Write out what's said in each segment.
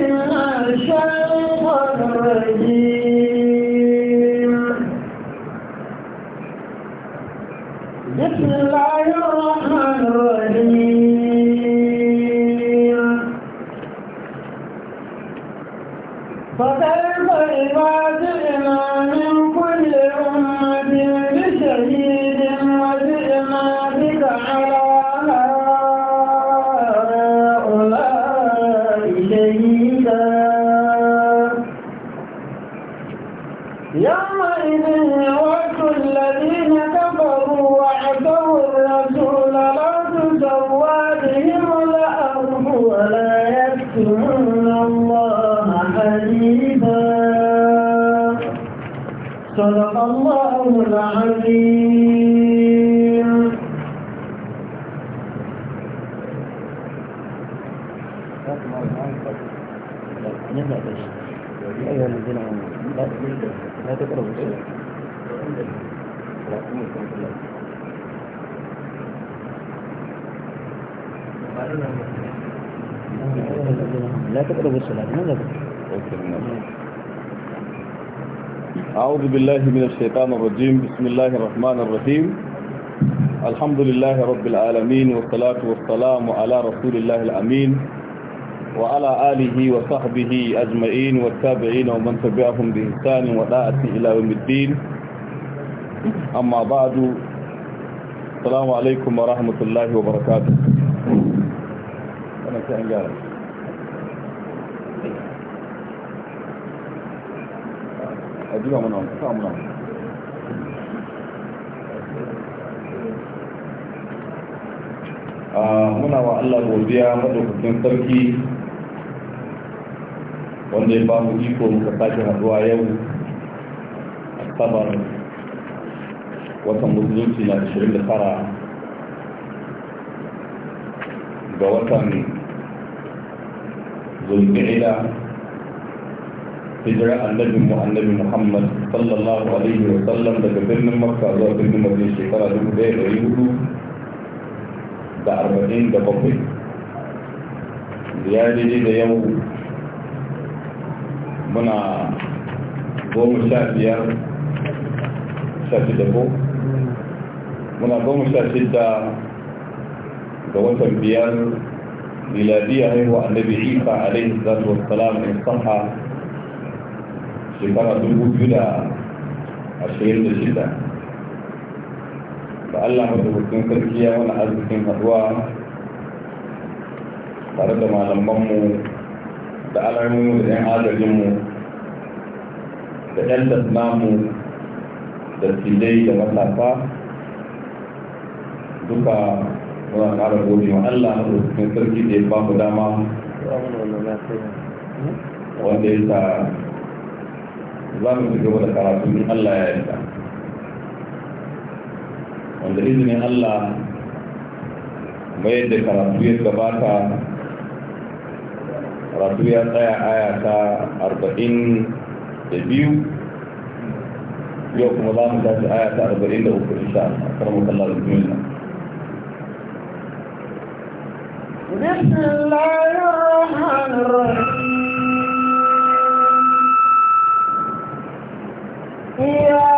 من شيطان أعوذ بالله من الشيطان الرجيم بسم الله الرحمن الرحيم الحمد لله رب العالمين والصلاة والسلام على رسول الله الأمين وعلى آله وصحبه أجمعين والتابعين ومن تبعهم بإحسان وداعة إلى يوم الدين أما بعد السلام عليكم ورحمة الله وبركاته zuba wani sa muna ah, muna wa Allah godiya madaukakin sarki wanda ya ba mu iko muka sake haduwa yau asabar watan musulunci na 29 ga watan zulmi'ila hijira annabin mu annabi muhammad sallallahu alaihi wa sallam daga birnin makka zuwa birnin madina shekara dubu ɗaya da hudu da arba'in da bakwai ya daidai da yau muna goma sha biyar sha shida ko muna goma sha shida ga watan biyar miladiya haihuwa annabi isa alaihi salatu wassalam in saha shekara dubu biyu da ashirin da shida da allah madaukakin sarki ya wani arzikin haduwa tare da malamanmu da alamunmu da 'yan agajinmu da 'yan tasnamu da tilai da matafa duka muna ƙara gobe wa allah madaukakin sarki da ya ba mu dama wanda ya sa za mu ci gaba da karatu in Allah ya yarda wanda izinin Allah mayar da karatu ya gabata karatu ya tsaya aya ta arba'in da biyu yau kuma za mu tashi aya ta arba'in da uku insha Allah karamu kallar bismillah بسم الله الرحمن الرحيم Yeah.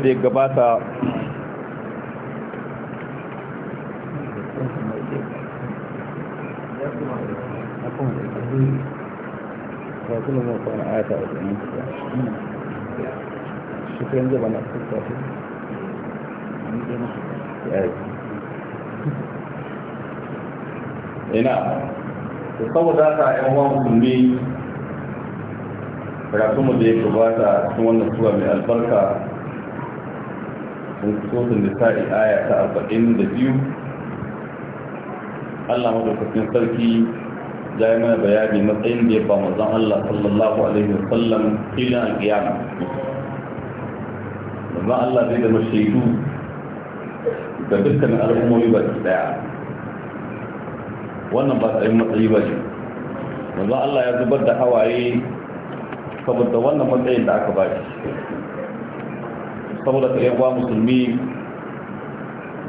yadda ya gabata ina da saboda ta yan wani kulli mu da ya gabata cikin wannan tura mai albarka من قصوص النساء آية أربعين دبيو الله مدركتين سلكي دائما بياني مطعين بيبا مزان الله صلى الله عليه وسلم إلى القيامة لما الله زي ما شهدو كبتنا الأمور بكتاع وانا بطعين مطعي بجي مزان الله يزبط دحواري saboda wannan matsayin da aka bashi saboda ka musulmi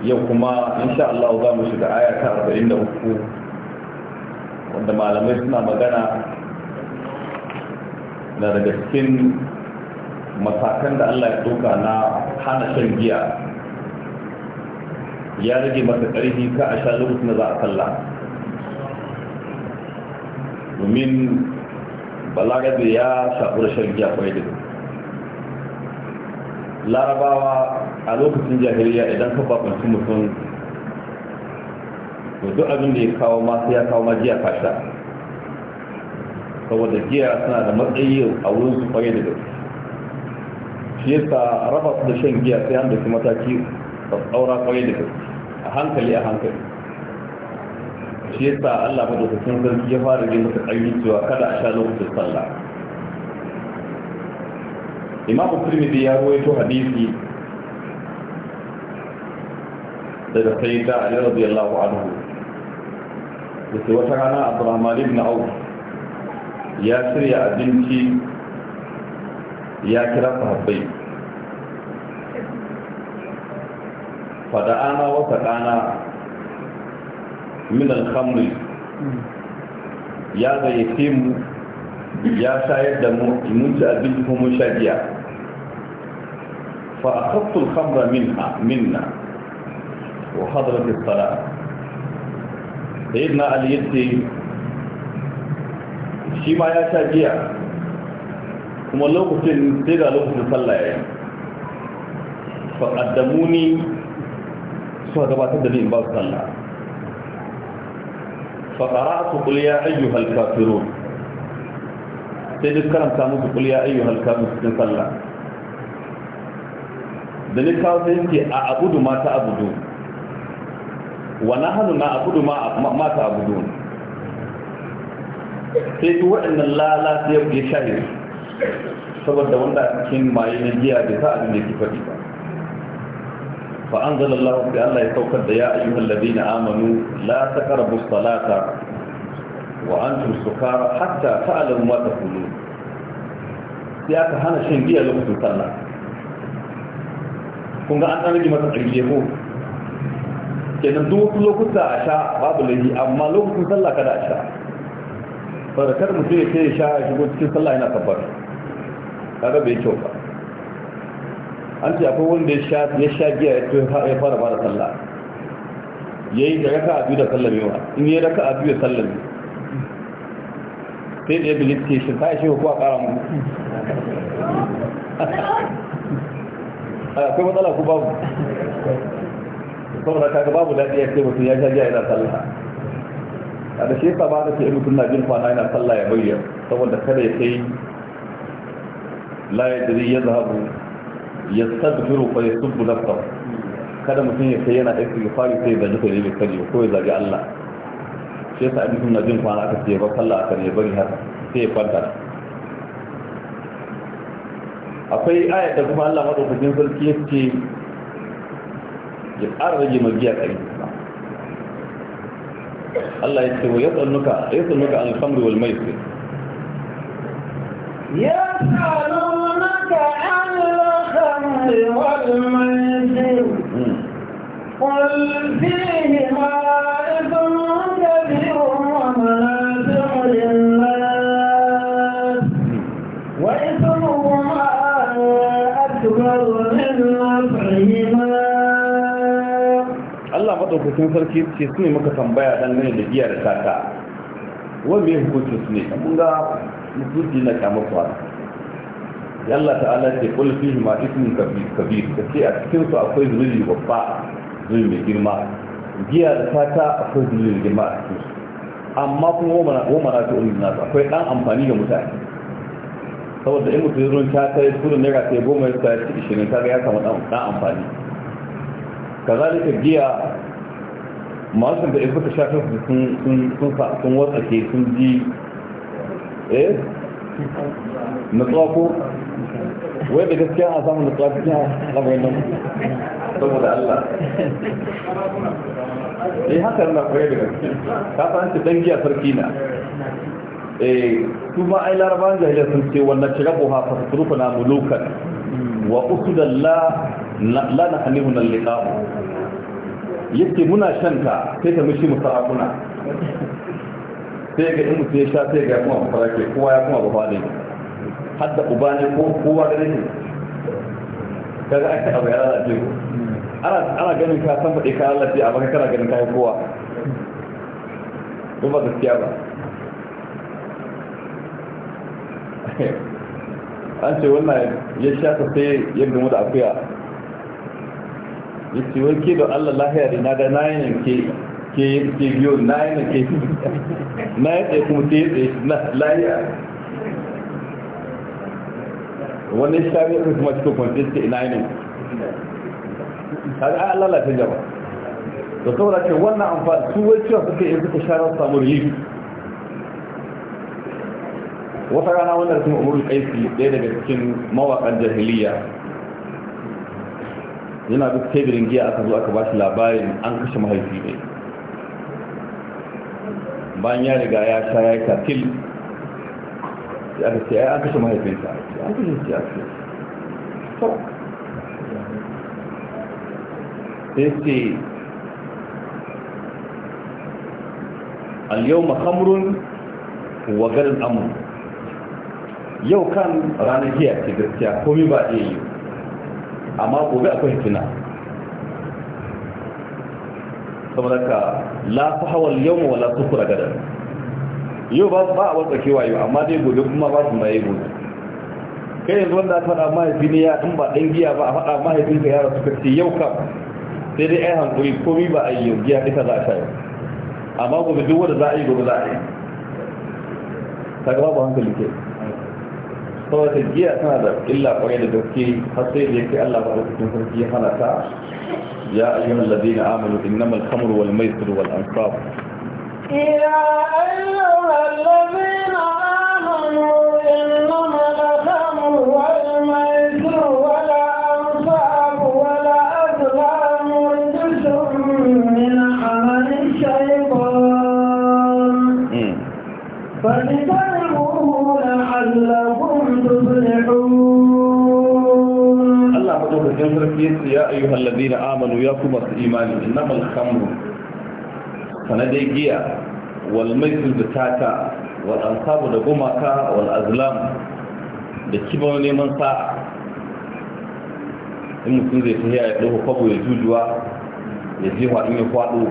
yau kuma insha Allah za mu shiga aya ta 43 wanda malamai suna magana na daga cikin matakan da Allah ya doka na hana shan giya ya rage masa ƙarfi ka a sha lokacin da za a kalla domin balagar da ya da shan giya kwaye da larabawa a lokacin jahiliya idan ka bakwanci mutum to duk abin da ya kawo ma sai ya kawo ma jiya fasha saboda giya suna da matsayi a wurin su kwaye da gaske shi yasa raba su da shan giya sai an da mataki mataki tsaura kwaye da gaske a hankali a hankali shi yasa Allah madaukakin sarki ya fara yin masa ƙarfi cewa kada a sha lokacin sallah imamu turmidi ya ruwaito hadisi daga sai da ali radiyallahu anhu yace wata rana abdurrahman ibn auf ya shirya abinci ya kira sahabbai fada ana wata ɗana min alhamri ya gayyace mu ya shayar da mu mun ci abinci kuma sha فأخذت الخمر منها منا وحضرت الصلاة سيدنا علي يدي شيما يا شاجيا كما لو كنت نتيجة لو يعني. فقدموني سوى دبات الدليل باب صلى فقرأت قل يا أيها الكافرون سيدنا الكرم كانوا قل يا أيها الكافرون صلى الله da ni kawo sai yake a abudu ma ta abudu wa hannu na abudu ma ta abudu sai duk waɗannan lalata sai ya shahe saboda wanda cikin maye na jiya da za a ne ki faɗi ba fa an zala Allah sai Allah ya saukar da ya ayyuhal ladina amanu la taqrabu salata wa antum sukara hatta ta'lamu ma taqulun sai aka hana shan giya lokacin sallah kun ga an tsanage masa ƙarfi ko kenan duk wasu lokuta a sha babu laifi amma lokacin sallah kada a sha saboda kada mutum ya ce sha ya shigo cikin sallah yana tabbar kaga bai kyau ba an ce akwai wanda ya sha giya ya fara fara sallah ya yi da raka a biyu da sallamewa in yi raka a biyu da sallame sai da ya ke shi ta shi ko a ƙara mu akwai matsala ku babu saboda kaga babu daɗi ya ce mutum ya sha jiya yana sallah a da shi ba da ce yi mutum na jin kwana yana sallah ya bayyana saboda kada ya kai la ya jiri ya zahabu ya sabbiru fa ya subbu nafsa kada mutum ya kai yana aiki fari sai da jikin ya kare ko ya zagi Allah shi yasa mutum na jin kwana aka ce ba sallah kan ya bari har sai ya kwanta akwai aya da kuma Allah madaukakin sarki yake ya ƙara rage magiya ƙari Allah ya ce wa yatsannuka yatsannuka al-khamru wal maisir يسألونك an الخمر والميسر mai في hmm. cikin sarki ce su ne muka tambaya dangane da giya da sata wani mai hukuncin su ne mun ga mutunci na kyamar kwana ya Allah ta'ala ce kul fi ma ismun kabir da ce a cikin su akwai zunubi babba zunubi mai girma giya da sata akwai zunubi mai girma a cikin su amma kuma na ta ulil su akwai dan amfani ga mutane saboda in mutum zuwa ta kai kudin naira sai goma ya sa ya ci ishirin ta ga ya samu dan amfani kazalika masu da in suka sha sun sun watsake sun ji eh nutsuwa wai da gaskiya a samun nutsuwa cikin lamarin nan saboda Allah eh haka na kwaye da gaske ka san ce dangi a sarki na eh su ai larabawan jahiliya sun ce wannan shiga ko ha fa na mulukan wa usudallah la na hanihun liqa yake muna shanta sai ta mishi musa akuna sai ga in mutu ya sha sai ga kuma mafara ke kowa ya kuma bafa ne har da uba ne ko kowa da ne kaga aka abu ya lalace ku ana ganin ka san faɗi ka lalace a ka kana ganin kayan kowa don da gaskiya ba an ce wannan ya sha ta sai mu da akuya ya ce ke da allah lahiya da na ga nayanin ke ke ke biyo nayanin ke na ya tsaye kuma ta ya na lahiya wani shari'a kuma cikin kwanci ce ina yanin kaga an lalata jama da saboda ce wannan amfani su wai cewa suke yin suka shara samu rihi wata rana wannan sun umaru kaisi ɗaya daga cikin mawaƙan jahiliya yana duk tebirin giya aka zo aka bashi labarin an kashe mahaifi ne bayan ya riga ya sha ya yi kafil ya aka ce an kashe mahaifinsa an kashe shi a sai ce al-yau makamrun amur yau kan ranar giya ce gaskiya komi ba iya yi amma gobe akwai fitina saboda ka la fi hawal yau wala su tukura gada yau ba a wartsakewa yau amma dai gobe kuma ba su maye gobe kai yanzu wanda aka faɗa mahaifi ne ya in ba ɗan giya ba a faɗa mahaifinka yara suka ce yau kam sai dai ai hankuri komi ba a yi yau giya ita za a sha yau amma gobe duk wanda za a yi gobe za a yi ta gaba ba hankali ke saboda giya tana da illa kwarai da gaske har sai da yake Allah ba cikin sarki ya hana ta ya ayyuhal ladina amanu innamal khamru wal maisir wal ansab ya ayyuhal ladina amanu madaukakin sarki yace ya ayyuhal ladina amanu ya kuma su imani innamal khamru sanadai giya wal maisir da tata wal ansabu da gumaka wal azlam da kiban neman sa'a in mutum zai ta ya ɗauka kwabo ya jujuwa ya jefa in ya kwaɗo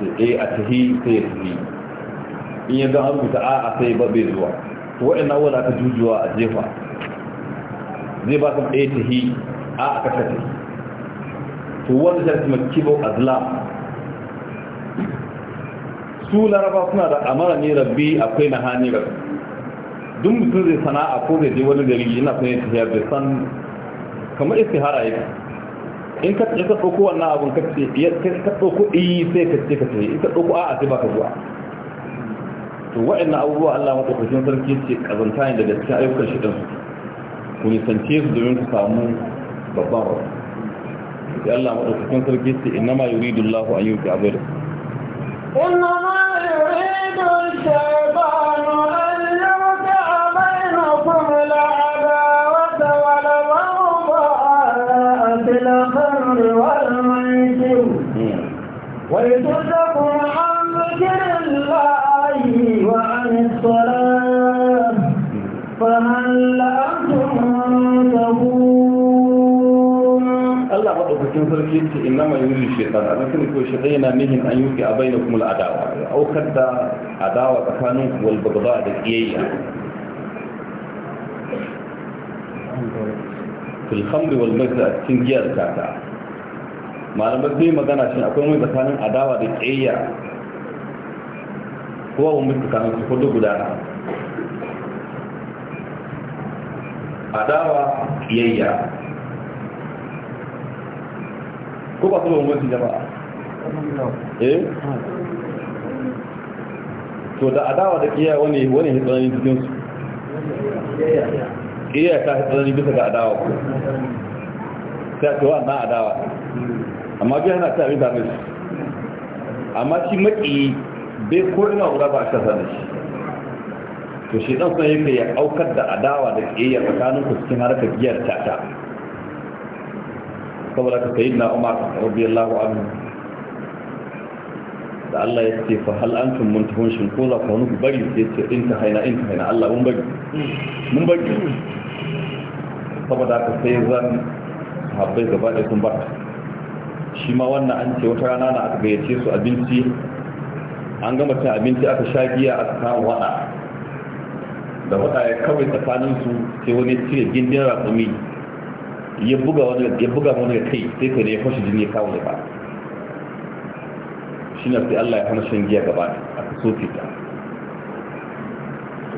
sai ɗaya a tahi sai ya tafi in ya an rubuta a'a a sai ba bai zuwa to waɗannan wadda aka jujuwa a jefa zai ba su ɗaya ta hi a a to wanda ta kuma kibo zula su laraba suna da amara ne rabbi akwai na hannu rabbi duk mutum zai sana'a ko zai je wani gari yana son ya tafiya bai san kamar hara yi in ka ka ɗauko wannan abin ka ce ka ɗauko iyi sai ka ce ka ce in ka ɗauko a'a sai ka zuwa to na abubuwa Allah madaukakin sarki ce ƙazanta ne daga cikin ayyukan shi ɗansu. ku nisance su domin ku samu babban rabu da Allah maɗaukakin sarki ce inna ma yuridu Allah an yuki abai da inna ma an yuki abai na kuma la'ada wata wala jinta innama yuri shaitan abin sani ko shaitan yana nihin an yuki a bayyana kuma adawa ya aukar da adawa tsakanin wal bagba da kiyayya fil khamri wal maisir a cikin giyar kata Malamar sai magana shi akwai mai tsakanin adawa da kiyayya kowa wani tsakanin su kudu gudana adawa kiyayya ko ba su da umarci jama'a eh to da adawa da kiyaye wani wani hitsanin cikin su kiyaye ta hitsanin bisa ga adawa sai ta ce wa na adawa amma biya na ta da shi, amma shi maki bai ina guda ba a kasa da shi to shi dan sun yake ya aukar da adawa da kiyaye tsakanin ku cikin harkar giyar ta. saboda ka yi na umar radiyallahu anhu da Allah ya ce fa hal antum muntahun shin ko za ku wani ku bari ya ce in ta haina in ta haina Allah mun bari mun bari saboda ka sai zan habbai gaba da sun barka shi ma wannan an ce wata rana na aka gayyace su abinci an gama cin abinci aka sha giya aka kawo wada da wada ya kawai tsakaninsu sai wani cire gindin ratsumi ya buga wani ya buga wani kai sai kai ya fashi jini ya kawo ne ba shi na sai Allah ya hana shan giya gaba a ka kaso fita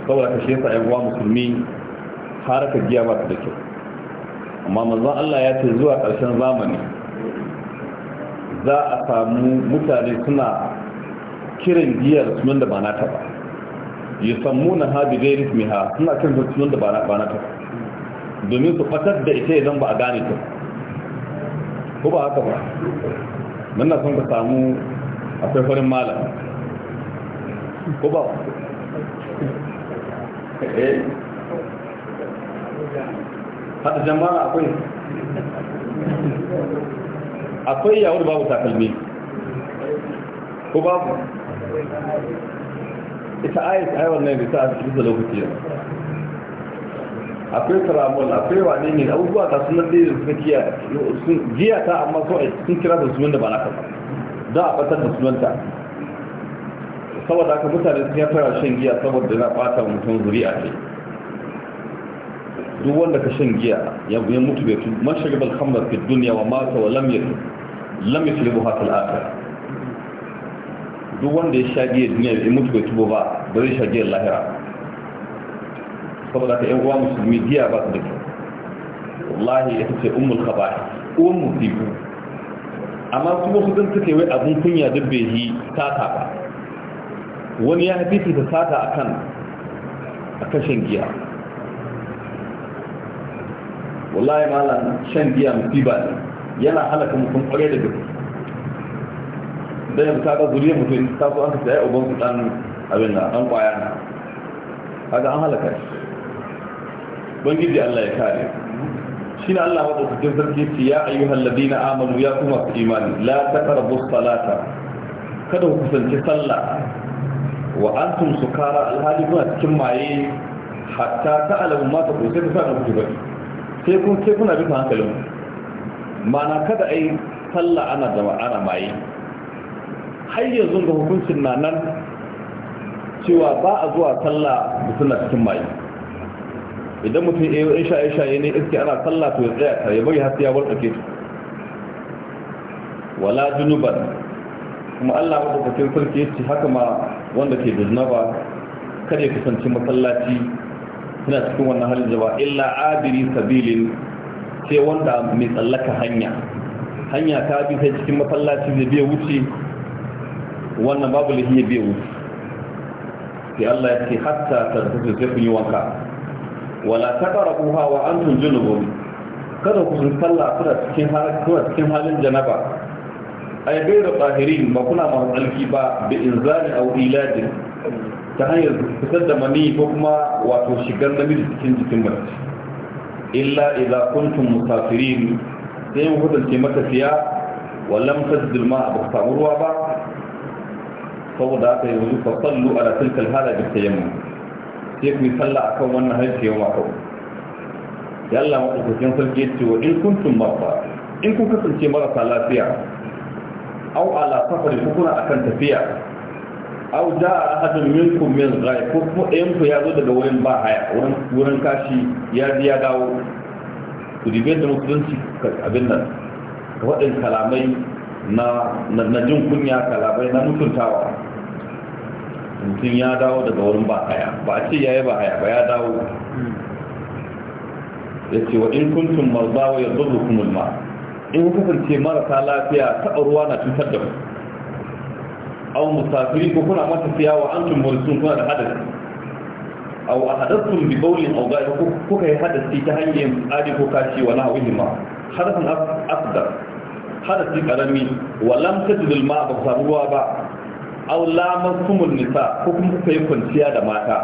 saboda ka shesa yan uwa musulmi haraka giya ba ta da kyau amma manzon Allah ya ce zuwa ƙarshen zamani za a samu mutane suna kiran giyar sunan da ba na ta ba yusammuna ha bi ghairi ismiha suna kiran sunan da ba ta ba domin su fatar da ita idan ba a gane ta ko ba haka ba nan na son ka samu akwai farin malam ko ba eh hada jama'a akwai akwai yawon babu takalmi ko babu ita ayat ayawar nan bisa a cikin lokaci yau akwai tramol akwai wane ne abubuwa ta sunan da suka kiya jiya ta amma so sun kira da sunan da ba na ba don a batar da sunan ta saboda haka mutane sun ya fara shan giya saboda yana bata mutum a ce duk wanda ka shan giya ya mutu bai tu man shiga bal khamar fi dunya wa mata wa lam yatu lam yashribu hatta al duk wanda ya sha giya duniya bai mutu bai tubo ba ba zai sha giya lahira saboda ka yan uwa musulmi giya ba su da kyau wallahi ya ce ummul khaba'i uwan musibu amma su wasu dan suke wai abun kunya duk bai yi sata ba wani ya hafi ta sata akan akan shan giya wallahi malam shan giya musiba ne yana halaka mutum kware da gaske dan yanzu ga zuriyar mutum ta so an ka tsaye uban su dan abin da dan kwaya kaga an halaka shi ubangiji Allah ya kare shi ne Allah wadda cikin sarki ce ya ayyuhal ladina amanu ya kuma su imani la taqrabu salata kada ku kusanci sallah wa antum sukara alhali kuna cikin maye hatta ta'lamu ma ta kusa ta samu ku bari sai ku sai kuna bisa hankalin mana kada ai sallah ana jama'a ana maye har yanzu ga hukuncin na nan cewa ba a zuwa sallah da suna cikin maye idan mutum ya yi in shaye shaye ne iske ana sallah to ya tsaya ta ya bari hasiya warkake ta wala junuban kuma Allah madaukakin sarki yace haka ma wanda ke da junaba kada ya kusanci masallaci suna cikin wannan halin jaba illa abiri sabilin sai wanda mai tsallaka hanya hanya ta bi sai cikin masallaci da biya wuce wannan babu lahiya biya wuce sai Allah ya ce hatta ta tafi sai kun yi wanka wala taqrabuha wa antum junubun kada ku san salla kuma cikin halin kuna cikin halin janaba ay ghayra ba kuna ma alki ba bi inzali aw iladin ta hanyar fitar da mani ko kuma wato shigar miji cikin jikin mace illa idza kuntum musafirin sai mu kasance matafiya wallam tazdil ma abu samu ruwa ba saboda haka yanzu fa sallu ala tilkal hala bi tayammum sai ku yi sallah a kan wannan harshe yau mako ya Allah maɗaukakin sarki ce wa in kuntum marfa in kun kasance marasa lafiya au ala safari ko kuna akan tafiya au da ahadun minkum min ghaib ko kuma ɗayan ku ya zo daga wurin ba haya wurin wurin kashi ya ji ya dawo ku dibe da mutunci abin nan waɗin kalamai na na jin kunya kalamai na mutuntawa mutum ya dawo daga wurin ba haya ba a ce ya yi ba haya ba ya dawo ya ce wa in kuntum ya wa yanzu hukumul ma in ku kasance marasa lafiya taɓa ruwa na cutar da ku au musafiri ko kuna mata siya wa an tun murisun kuna da hadasi au a hadasun bi baulin au ga'i kuka yi hadasi ta hanyar tsari ko kashi wa na'uhi ma hadasin asdar hadasi karami wa lam tajidul ma ba ku ruwa ba aw lamastumul nisa ko kuma kuka yi kwanciya da mata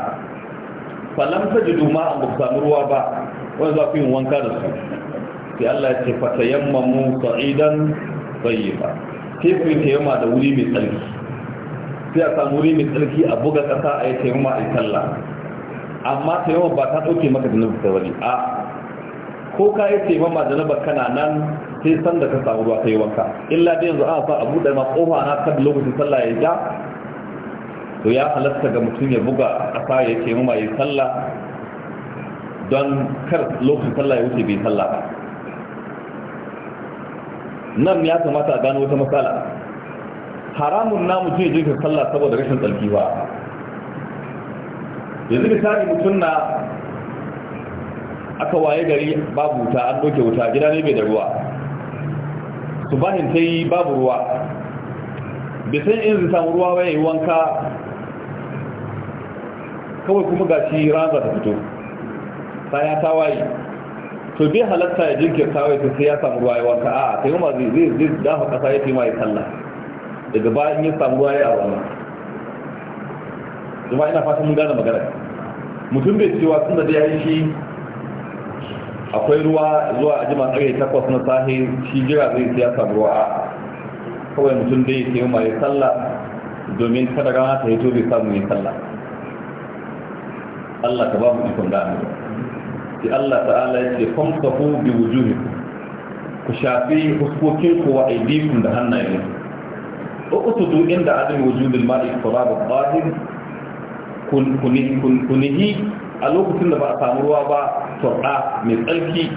falam jidu ma a musamman ruwa ba wani za ku yi wanka da su sai Allah ya ce fatayammamu sa'idan ba sai ku yi tayyama da wuri mai tsarki sai a samu wuri mai tsarki a buga kasa a yi tayyama a yi sallah amma tayyama ba ta dauke maka da ta wani a ko ka yi tayyama da nufi kana nan sai san da ka samu ruwa yi wanka illa da yanzu ana sa a buɗe ma kofa na kan lokacin sallah ya ja to ya halatta ga mutum ya buga a ƙasa ya ce mama yi sallah don kar lokacin sallah ya wuce bai sallah ba nan ya kamata a gano wata matsala haramun na mutum ya jirka sallah saboda rashin tsarki ba yanzu misali mutum na aka waye gari babu wuta an doke wuta gida ne bai da ruwa subahin ta yi babu ruwa bai san in zai samu ruwa bai yi wanka kawai kuma ga shi ranar ta fito ya tawaye. to bai halatta ya jinkir tawaye ta sai ya samu ruwa ya wanka a ta yi zai zai zai dafa kasa ya taimaka ya sallah daga bayan ya samu ruwa ya azama zama ina fatan mun gane magana mutum bai cewa sun da ya yi shi akwai ruwa zuwa a jima tsare takwas na sahi shi jira zai siya samu ruwa a kawai mutum dai ya sayi mai sallah domin kada rana ta hito bai samu yin sallah Allah ta ba mu ikon da amin sai Allah ta'ala ya ce famsahu bi wujuhi ku shafi huskokin ku wa aidikum da hannayen ku utudu inda adin wujudul ma'i qarab al-zahir kun kun kun a lokacin da ba a samu ruwa ba turɗa mai tsarki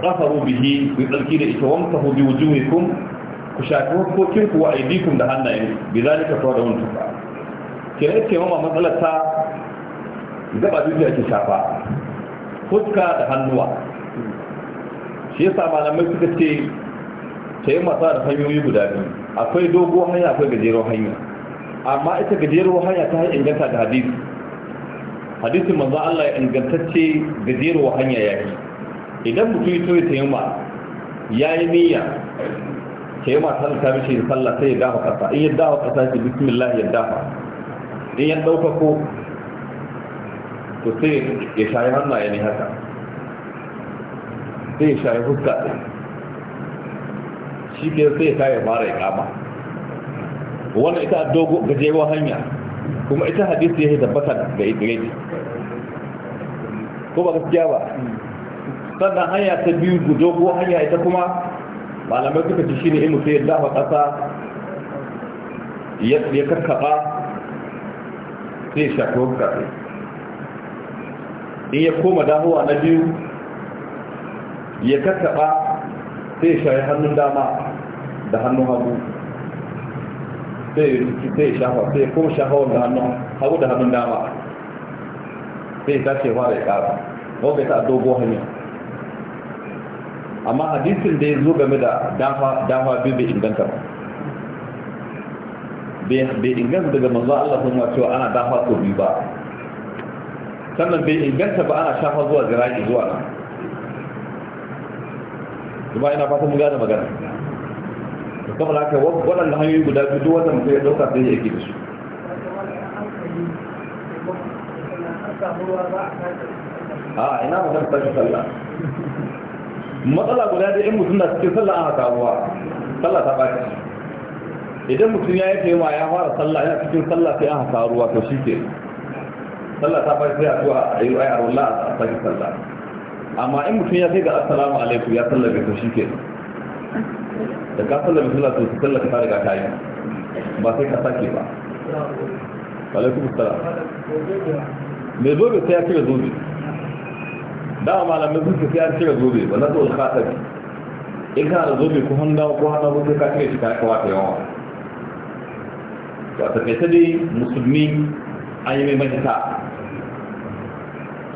tsafaru bihi mai tsarki da ita wanda hu bi wujuhikum ku shafi hukokin ku wa aidikum da hannayen bi zalika fa da wani tuka kira ke mama matsalar ta gaba dukiya ake shafa fuska da hannuwa shi yasa malamai suka ce ta yi masa da hanyoyi guda biyu akwai dogo hanya akwai gajeruwar hanya amma ita gajeruwar hanya ta hanyar inganta da hadisi hadisin manzo Allah ya ingantacce wa hanya yaki idan mutum ya toye tayyuma yayi niyya tayyuma ta ta mishi sallah sai ya dafa kasa in ya dafa kasa shi bismillah ya dafa in ya dauka ko to sai ya shayi ya ne haka sai ya shayi huska ɗin shi ke sai ya shayi fara ya kama wannan ita dogo gajewa hanya kuma ita hadisi yi tabbata ga idrisi ko ba gaskiya ba sannan hanya ta biyu gudo ko hanya ita kuma malamai suka ci shine in mutum ya dafa ƙasa ya karkaba sai ya shafi wanka in ya koma dahuwa na biyu ya karkaba sai ya shafi hannun dama da hannun hagu sai ya shafa sai ya kuma shafa wanda hannun hagu da hannun dama sai ya tashi ya fara ya ƙara wanda ya sa dogo hanya amma hadisin da ya zo game da dafa dafa biyu bai inganta ba bai inganta daga manzo Allah sun wa cewa ana dafa ko biyu ba sannan bai inganta ba ana shafa zuwa ziraki zuwa nan kuma ina fata mu gane magana da haka waɗanda hanyoyi guda biyu duk wanda mutum ya ɗauka sai ya yake da su a ina magana tashi sallah matsala guda da in mutum na cikin sallah an kawo sallah ta baki idan mutum ya yi taima ya fara sallah yana cikin sallah sai an haka ruwa to shi ke sallah ta baki sai a zuwa a yi ayar wallah a sake sallah amma in mutum ya kai ga assalamu alaikum ya sallabe to shi ke da ka sallama sallah to su sallaka ta riga ta yi ba sai ka sake ba alaikum mustara me zobe sai ya cire zobe dama malamai sun ce sai ya cire zobe ba na zuwa khatabi in kana da zobe ko hannu ko hannu ko sai ka cire shi ka kawata yawa ba ta kai ta dai musulmi an yi mai mahita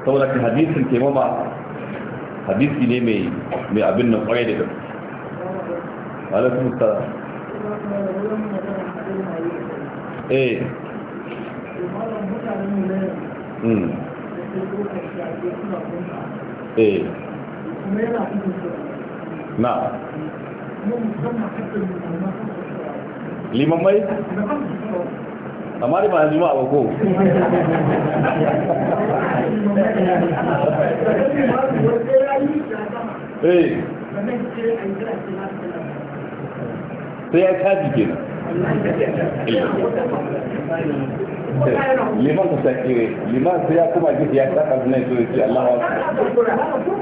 saboda ka hadisin ke mama hadisi ne mai abin nan kwarai da gaske alaikun salam eh hmm. eh na liman mai amma da ba juma'a ba ko eh sai ya caji nan eh. liman ku sakire liman sai ya kuma gidi ya saka sunan su ce Allah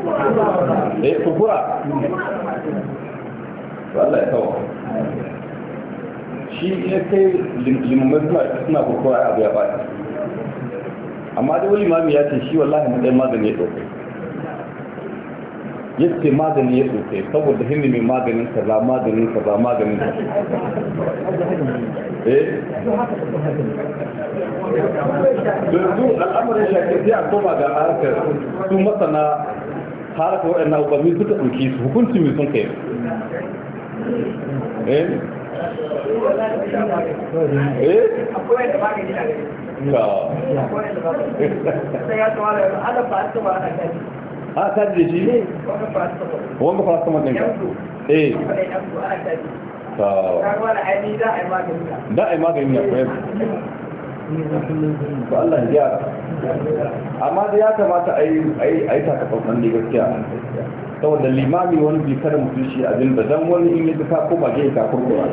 wa eh kufura to Allah ya kawo shi ya kai limamai suna suna kufura abu ya bata amma da wani imami ya ce shi wallahi mu dai magani ya dauka yake magani ya sosai saboda hindi mai maganin kaza maganin kaza maganin kaza eh yanzu al'amarin sai a koma ga harkar su masana harkar waɗannan ubami suka ɗauki su hukunci mai sun kai eh eh a ta da shi eh. wani paracetamol ɗin ka eh da a yi magani na kwaye ba Allah ya amma da ya kamata a yi takafasan ne gaskiya saboda limami wani bi kada mutum shi abin da dan wani in yadda ka koma ga ka kurkura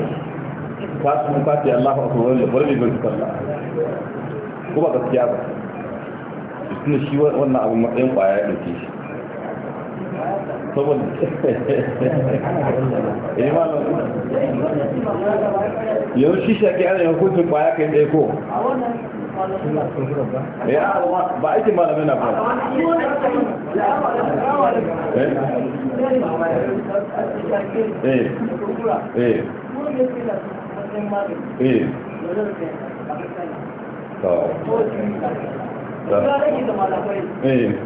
ka su ka ce Allahu wani wala bari bin sallah kuma gaskiya ba tun shi wannan abu matsayin kwaya ya dauke shi saboda eh, yau shi shaƙi ana yin hukuncin ƙwaya kai ɗaya ko eh, ba aiki malamai na fara eh, eh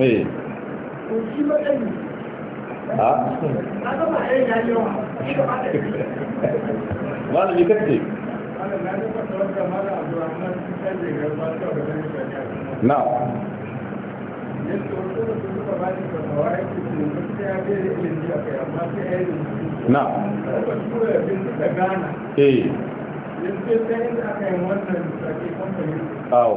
eh malami kake na na eh awo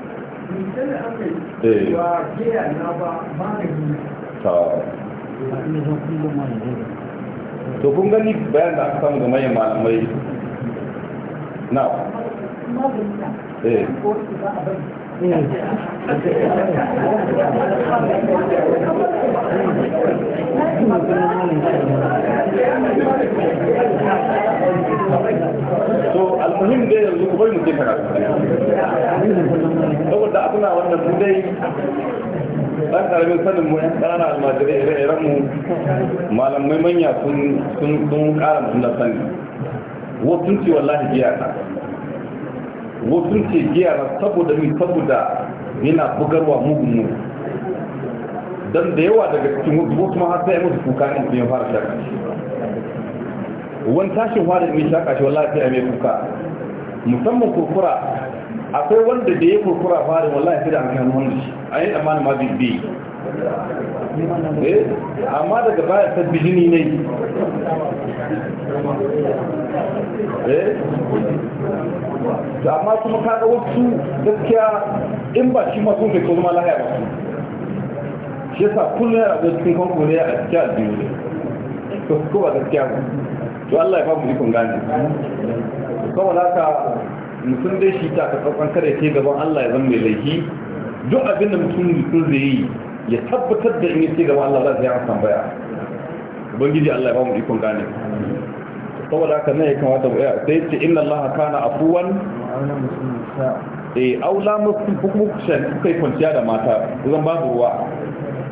Eh. to kun gani bayan da aka samu ga manyan malamai na eh so almuhim dai yanzu ku bari mu je karatu saboda abuna wannan mu dai ɗan ƙaramin sanin mu ɗan ƙanana almajirai ire-iren mu malamai manya sun ƙara mutum da sani wasu ce wallahi biya ta wasu ke giyara saboda ni saboda yana bugarwa mugunmu don da yawa daga cikin wasu ma har sai musu kuka ne su ya fara shaka wani tashin hada ne shaka shi wallahi sai a mai kuka musamman kurkura akwai wanda da ya kurkura fari wallahi fi da an wanda shi a yi amana ma bibbi eh, amma daga baya ta bijini ne da eh, amma kuma kaga wasu gaskiya in ba shi masu mai ko zama lahaya ba su shi yasa kullum yana da cikin kwankwane a cikin albiyu ne ko ba gaskiya to Allah ya ba mu ikon gane saboda ka. mutum dai shi ta karɓar kada ke gaban Allah ya zama mai laifi duk abin da mutum mutum zai yi ya tabbatar da in ya gaban Allah za su yi amsan baya ubangiji Allah ya ba mu ikon gane saboda haka ne ya kamata mu ya sai ce inna Allah kana afuwan eh aula musu hukumshan kai kwanciya da mata zan ba ruwa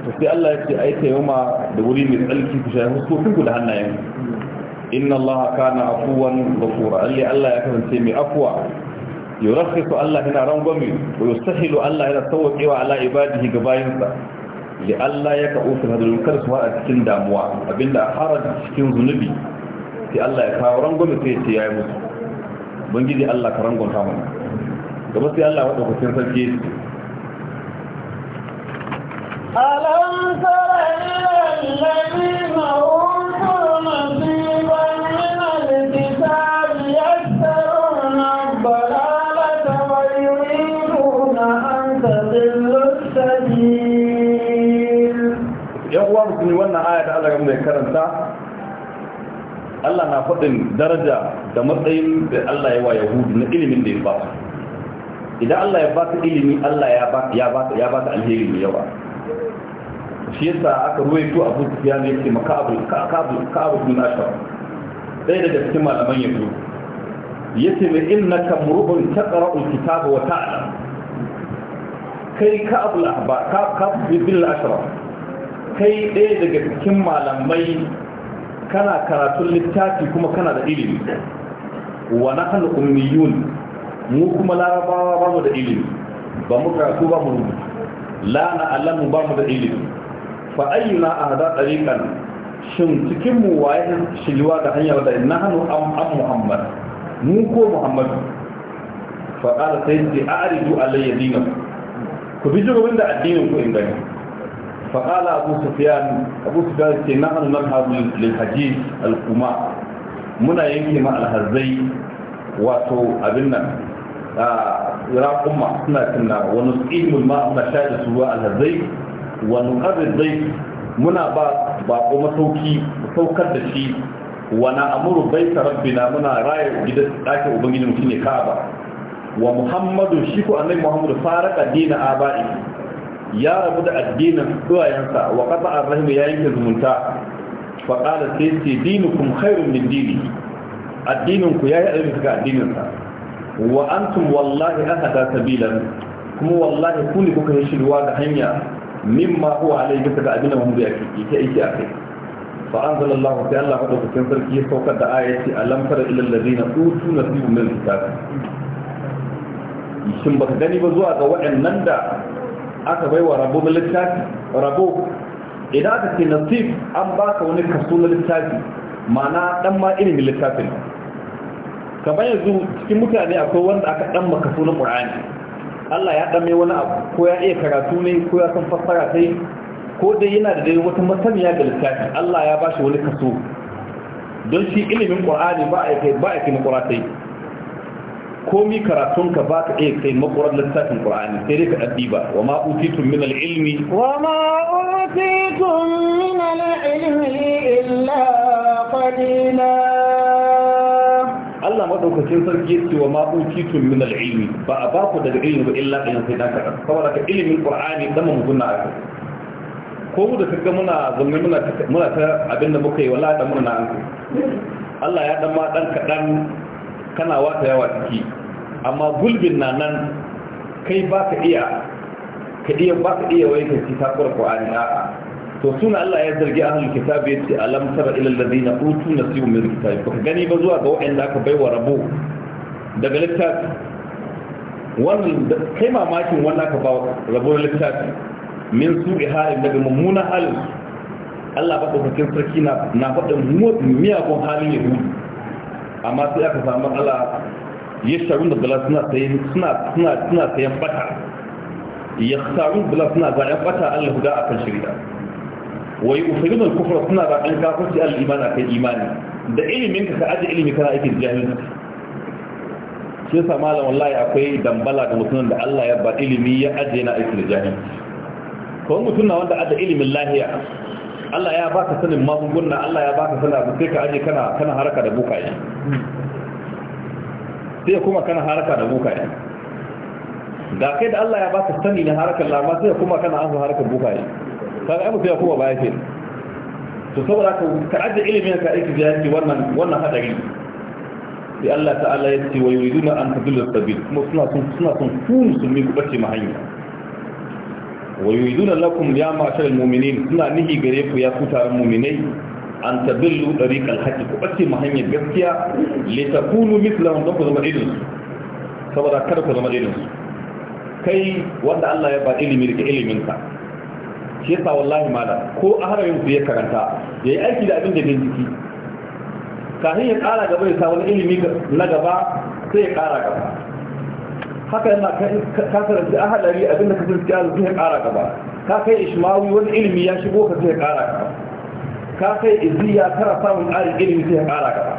to sai Allah ya ce ai ma da wuri mai tsalki ku shayi hukumku da hannayen inna allaha kana afuwan ghafura alli allah ya kasance mai afuwa yurakhisu allah yana rangwami wa yusahilu allah yana sauƙewa ala ibadihi ga bayansa li allah ya ka usul hadalun kar su a cikin damuwa abinda haraji cikin zunubi sai allah ya kawo rangwami sai ce yi musu ubangiji allah ka rangwanta mana gaba sai allah ya ɗaukakin sarki ألم تر إلى الذين azumi wannan aya da Allah mai karanta Allah na faɗin daraja da matsayin da Allah ya wa Yahudu na ilimin da ya ba idan Allah ya ba ta ilimi Allah ya ba ya ba ya ba ta alheri mai yawa shi yasa aka ruwaye to Abu Sufyan ya ce makabu kabu kabu bin Ashar sai daga cikin malaman Yahudu yace mai innaka murubun taqra'ul kitaba wa ta'lam kai ka abu al-ahbar ka ka bil ashraf kai ɗaya daga cikin malamai kana karatun littafi kuma kana da ilimi wa na hannu ummiyun mu kuma larabawa ba mu da ilimi ba mu karatu ba mu rubutu la na alamu ba mu da ilimi fa ayyuna a hada ɗariƙan shin cikin mu waye shiliwa da hanyar da na hannu an muhammad mu ko muhammadu fa ƙara sai ce a aridu alayya dinan ku bi jirgin da addinin ku in gani فقال أبو سفيان أبو سفيان كي نحن نذهب للحجيج الكوماء منا ينكي مع الهزي واتو أبنا يراق أم أحسنا كنا ونسقيهم الماء مشاهد سواء الهزي ونقرر الضيف منا بعض باقو مسوكي مسوكر دشي ونأمر بيت ربنا منا راي جدت آكي أبنجي المكيني كعبة ومحمد شكو أنه محمد فارق دين آبائه ya rabu da addinin duwayensa wa qata ar-rahim ya yanke zumunta fa sai sayyidi dinukum khairun min dini addinin ku yayi alheri ga addininsa. sa wa antum wallahi ahada sabilan kuma wallahi ku ne kuka yi shirwa da hanya mimma huwa alai bisa ga abin da mun ya kike ke aiki akai fa anzalallahu ta Allah da kusan sarki ya saukar da ayati alam tara ila alladhina utu nasibun min kitab shin baka gani ba zuwa ga waɗannan da aka bai wa rabo na littafi rabu idan aka ce nasif an baka wani kaso na littafi ma'ana dan ma ilimin littafin kamar yanzu cikin mutane akwai wanda aka dan kaso na qur'ani Allah ya dan mai wani abu ko ya iya karatu ne ko ya san fassara sai ko dai yana da dai wata masaniya ga littafi Allah ya bashi wani kaso don shi ilimin qur'ani ba a kai ba a kai na qur'ani komi karatun ka ba ka iya kai makwarar littafin ƙur'ani sai dai ka ɗaddiba wa ma utitun min al wa ma utitun min al-ilmi illa qalila Allah madaukakin sarki yace wa ma utitun min al ba a ba ku daga ilmi ba illa kan sai dan kaɗan. saboda ka ilimin ƙur'ani dan mu kunna aka ko mu da kaga muna zanne muna muna ta abinda muka yi wallahi dan muna an Allah ya dan ma dan kaɗan kana wata yawa ciki amma gulbin na nan kai ba ka iya ka iya ba ka iya wai ka ci takwar qur'ani a to suna Allah ya zargi ahal kitab ya ce alam tara ila alladhina utu siyo min rikita ba ka gani ba zuwa ga wa'anda aka baiwa rabo daga littafi wannan kai mamakin wannan aka ba rabo littafi min su'i halin daga mummunan halin Allah ba ɗaukakin sarki na faɗin miyagun halin yahudu amma sai aka samu Allah ya sharu da bala suna sayan suna suna suna sayan bata ya sharu bala suna zaɓen bata Allah guda a kan shirya. Wai usulun al-kufra suna zaɓen kafirci al-iman akan imani da ilimin ka aje ilimi kana aikin jahilci Sai sa malam wallahi akwai dambala ga mutumin da Allah ya ba ilimi ya aje na aikin jahilci ko mutum na wanda aje ilimin lahiya Allah ya ba baka sanin magunguna Allah ya ba baka sanin abu sai ka aje kana haraka da bukaye sai kuma kana haraka da bukaye da kai da Allah ya ba ka sani na harakar lama sai kuma kana an harakar bukaye kaga abu sai kuma baya ke to saboda ka ajiye ilimin ka aiki da yake wannan wannan hadari sai Allah ta'ala ya ce wa yuriduna an tadullu sabil kuma suna sun suna sun ku musulmi ku ma mahanya wa yuriduna lakum ya ma'ashar mu'minin suna nihi gare ku ya ku taron mu'minai an tabillu dariqal haqqi ku ɓace ma hanyar gaskiya li takunu mithlahu da ku zama irin saboda kada ku zama irin kai wanda Allah ya ba ilimi da ilimin ka shi yasa wallahi mala ko a harayin ku ya karanta yayi aiki da abin da binciki kafin ya kara gaba ya sa wani ilimi na gaba sai ya kara gaba haka yana ka karanta ahalari abin da ka bincika sai ya kara gaba ka kai ishmawi wani ilimi ya shigo ka sai ya kara gaba ka kai iziya kana samun ƙarin ilimi sai ka ƙara gaba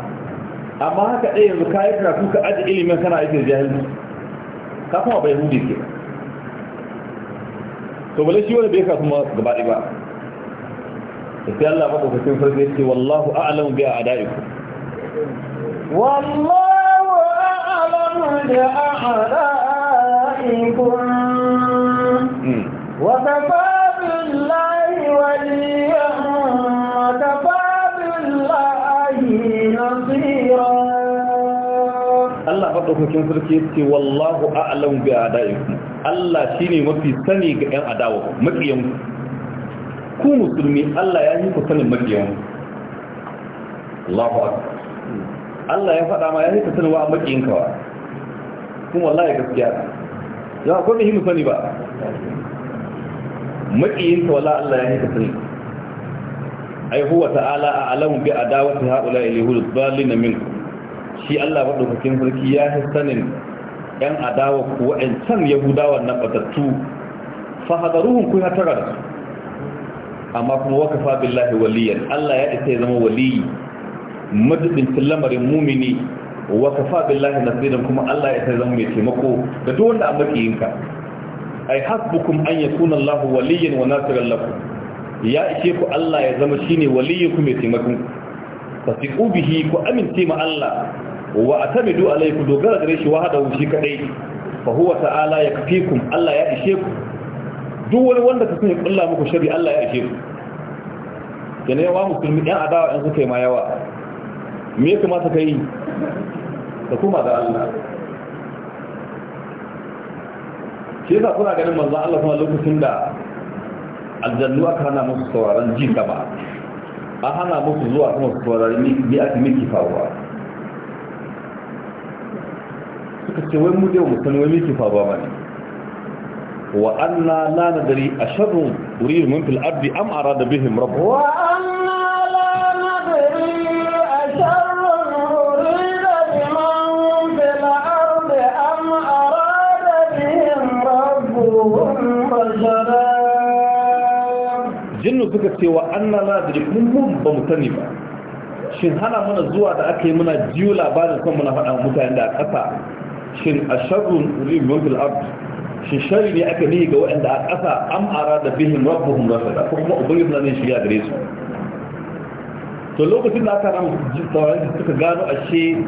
amma haka ɗaya yanzu ka yi karatu ka aji ilimin kana aiki da jahilci ka kuma bai hudu ke to bale shi wani bai ka kuma gaba ɗaya ba sai Allah ba ɗaukacin farko ya ce wallahu a'lamu bi a'da'ikum wallahu a'lamu bi a'da'ikum hmm. wa kafa madaukakin sarki ce wallahu a'lam bi adaikum Allah shine mafi sani ga ƴan adawa makiyan ku musulmi Allah ya yi ku sanin makiyan Allahu akbar Allah ya faɗa ma ya yi ku sanin wa makiyin ka kuma wallahi gaskiya ya ko bai mu sani ba makiyin ka wallahi Allah ya yi ku sani ai huwa ta'ala a'lamu bi adawati ha'ula'i lihul dhalin minkum shi Allah maɗaukakin sarki ya fi sanin ‘yan adawa ku wa'ancan yahudawan na batattu fahadaruhun kun hatara da su amma kuma waka fa biLlahi waliyan Allah ya isa ya zama waliyi madubincin lamarin mumini waka fa biLlahi nasirin kuma Allah ya isa ya zama mai taimako da duk wanda a makiyinka ai hasbukum an yi yakuna Allah waliyan wa nasiran lakum ya ishe ku Allah ya zama shine waliyinku mai taimakon ku fasiqu bihi ku amince ma Allah wa atamidu alaykum dogara gare shi wahadahu shi kadai fa huwa ta'ala yakfikum Allah ya ishe ku duk wani wanda ka sani kulla muku shari Allah ya ishe ku kenan wa musulmi yan adawa yan suka ma yawa me ya kamata ka yi da kuma ga Allah shi yasa kuna ganin manzo Allah kuma lokacin da aljannu aka hana musu sauraron ji gaba an hana musu zuwa kuma sauraron ni aka miki faruwa suka ce wai mu da mu san wai miki fa ba bane wa anna la nadri asharrun uridu min fil ardi am arada bihim rabbuhum wa anna la nadri asharrun jinnu suka ce wa anna la adri mun mun ba mu sani ba shin hana mana zuwa da aka yi muna jiyo labarin kan muna faɗa mutane da ƙasa shin a sharrun ulim mulkul abd shi shari ne aka ne ga waɗanda a ƙasa an ara da bihin rabbuhum rasada da, kuma ubangiji na ne shiga gare su to lokacin da aka ramu tsawarin suka gano ashe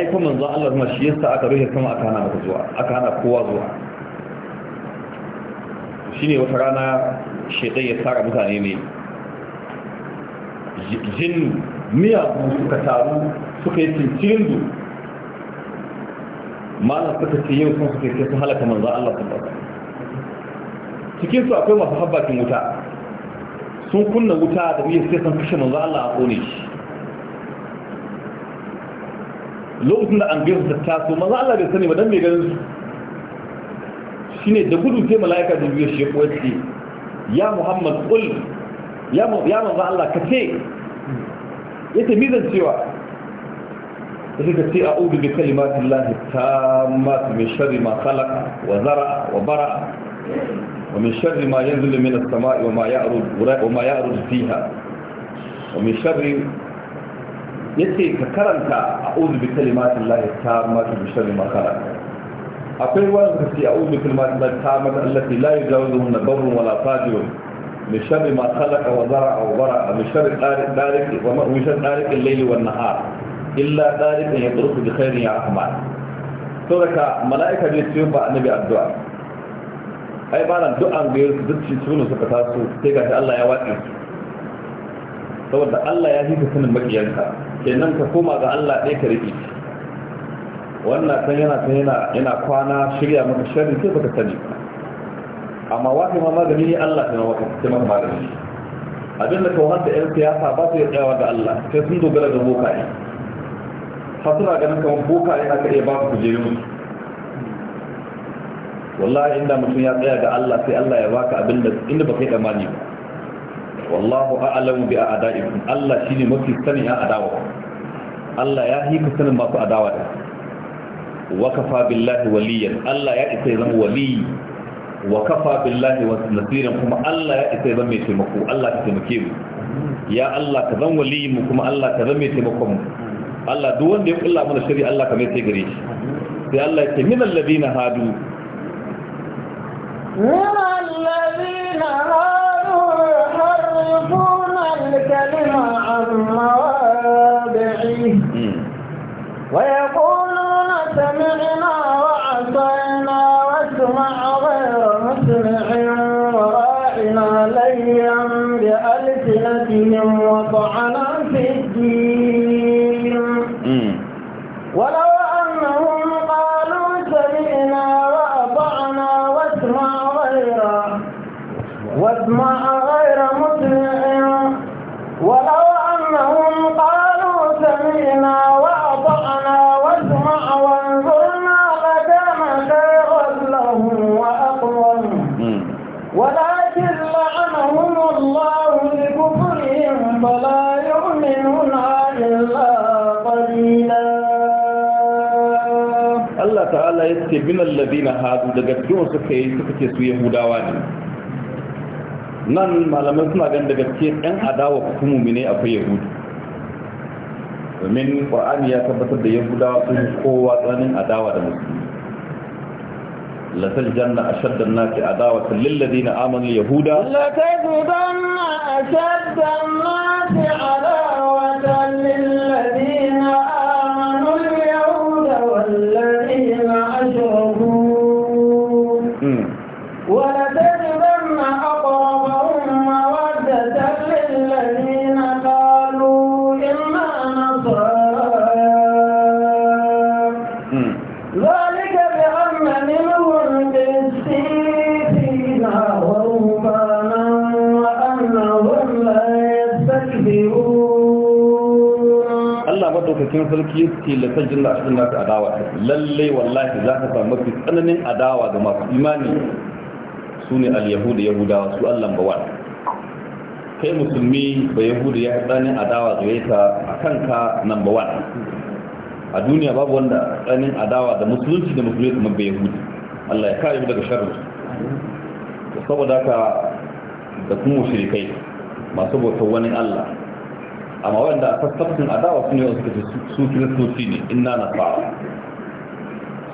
aiko manzon Allah kuma shi yasa aka rufe sama aka hana maka zuwa aka hana kowa zuwa shine wata rana shedan ya tsara mutane ne jin miya suka taru suka yi cincirin malam suka ce yau sun suke sun halaka manzan Allah sun ɗauka cikin su akwai masu habbakin wuta sun kunna wuta da niyyar sai sun kashe manzan Allah a ƙone shi lokacin da an gaisu ta taso manzan Allah bai sani ba don bai ganin su shine da gudu sai mala'ika da biyu shi ya ce ya Muhammad kul ya manzan Allah ka ce yace mizan cewa ذلك سي أعوذ بكلمات الله التامات من شر ما خلق وزرع وبرع ومن شر ما ينزل من السماء وما يعرض وما يعرض فيها ومن شر يتي ككرنت أعوذ بكلمات الله التامات من شر ما خلق أقول وانك سي أعوذ بكلمات الله التامات التي لا يجاوزهن بر ولا فاجر من شر ما خلق وزرع وبرع ومن شر تارك الليل والنهار illa ɗalibin ya turku da khairin ya rahama to daga mala'ika ne su ba annabi addu'a ai ba nan duk an gayar su duk cikin suka taso sai ga Allah ya watsi saboda Allah ya hika sanin makiyanka kenan ka koma ga Allah ɗaya ka riƙe wannan san yana kan yana yana kwana shirya maka sharri sai baka sani amma wani ma magani ne Allah ta maka ta maka magani abin da ka wahanta 'yan siyasa ba su yi tsayawa ga Allah sai sun dogara ga bokaye hasuna ganin kamar boka ne aka iya ba su kujerun wallahi inda mutum ya tsaya ga Allah sai Allah ya baka abin da inda ba kai tsammani ba wallahu a'lamu bi a'da'ikum Allah shine mafi sani a adawa Allah ya yi ka sanin masu adawa da wa kafa billahi waliyan Allah ya isa ya zama wali wa kafa billahi wa nasiran kuma Allah ya isa ya zama mai taimako Allah ka taimake mu ya Allah ka zama waliyin mu kuma Allah ka zama mai taimakon mu Allah duk wanda ya kulla mana shari'a Allah kamar mai sai gare shi sai Allah ya ce min alladina hadu min alladina hadu harifuna al-kalima an mawadi'i wa yaquluna sami'na wa 'asayna wa sama'a ghayra musli'in wa ra'ina layyan bi alsinatihim wa ta'ana fi wala min alladhina hadu daga cikin suka yi suka ce su yahudawa ne nan malamai suna ganin daga cikin ɗan adawa ku mumine akwai yahudu domin qur'ani ya tabbatar da yahudawa sun kowa tsananin adawa da musulmi لتجدن أشد الناس عداوة للذين آمنوا اليهود لتجدن na الناس عداوة madaukakin sarki ke ce da ashirin a cikin nasu adawa lalle wallahi za ka samu mafi tsananin adawa da masu imani su ne al-yahuda yahudawa su Allah ba wani kai musulmi ba yahuda ya tsanin adawa gare ka a kanka number one a duniya babu wanda tsanin adawa da musulunci da musulmi kuma ba yahudi Allah ya kare mu daga sharri saboda haka da kuma shirikai masu bautar wani Allah amma wanda a sassafin adawa su ne wasu su kiristoci ne ina na fara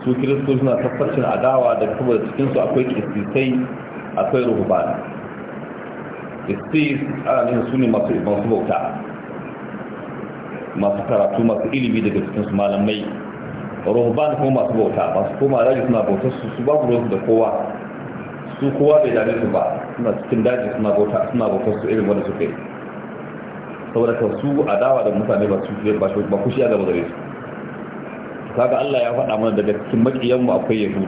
su kiristoci suna sassafin adawa da saboda cikinsu akwai kisisai akwai ruhubani kistis ana nuna su ne masu bauta masu karatu masu ilimi daga cikinsu malamai ruhubani kuma masu bauta masu koma daji suna bautar su su ba su da kowa su kowa bai dame su ba suna cikin daji suna bautar su irin wanda suka yi saboda ka su adawa da mutane ba su ba shi ba kushi gaba gare su kaga Allah ya faɗa mana daga cikin makiyan mu akwai yahudu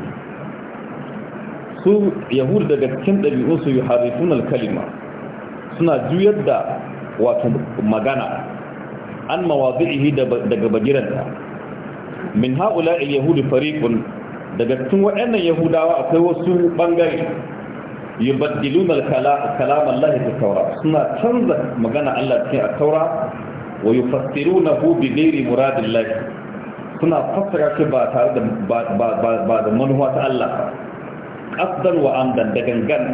su yahudu daga cikin ɗabi'un su yuharifun al-kalima suna juyar da wato magana an mawazi'ihi daga bagiranta min ha'ula al-yahudu fariqun daga cikin wa'annan yahudawa akwai wasu bangare yubaddiluna kalam Allah fi tawra suna canza magana Allah cikin at-taura wa yufassirunahu bi ghairi muradillah suna fassara shi ba da ba ta Allah qasdan wa amdan da gangan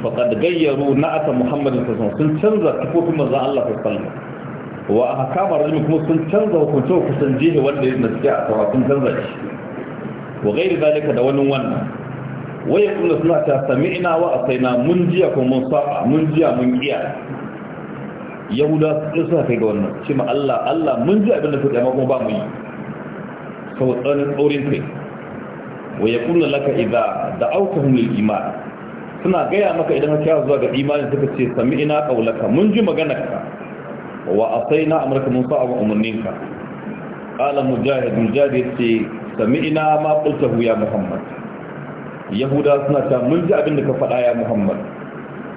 faqad gayyaru na'ata Muhammadin sallallahu sun canza tafofin manzon Allah sallallahu alaihi wasallam wa ahkamar rajmi kuma sun canza jihi wanda ya nasiya a tawafin canza shi da wani wannan wai kuna suna ta sami'na wa asaina mun jiya ko mun saba mun jiya mun kiya yahuda sun suna kai ga wannan shi ma Allah Allah mun ji abin da kuka amma kuma ba mu yi sau tsanin tsorin kai wa ya kuna laka idza da'awtahum lil iman suna gaya maka idan ka kira zuwa ga imani suka ce sami'na qawlaka mun ji magana ka wa asaina amraka mun saba umurninka qala mujahid mujahid ce sami'na ma qultahu ya muhammad yahuda suna ta mun ji abin da ka faɗa ya muhammad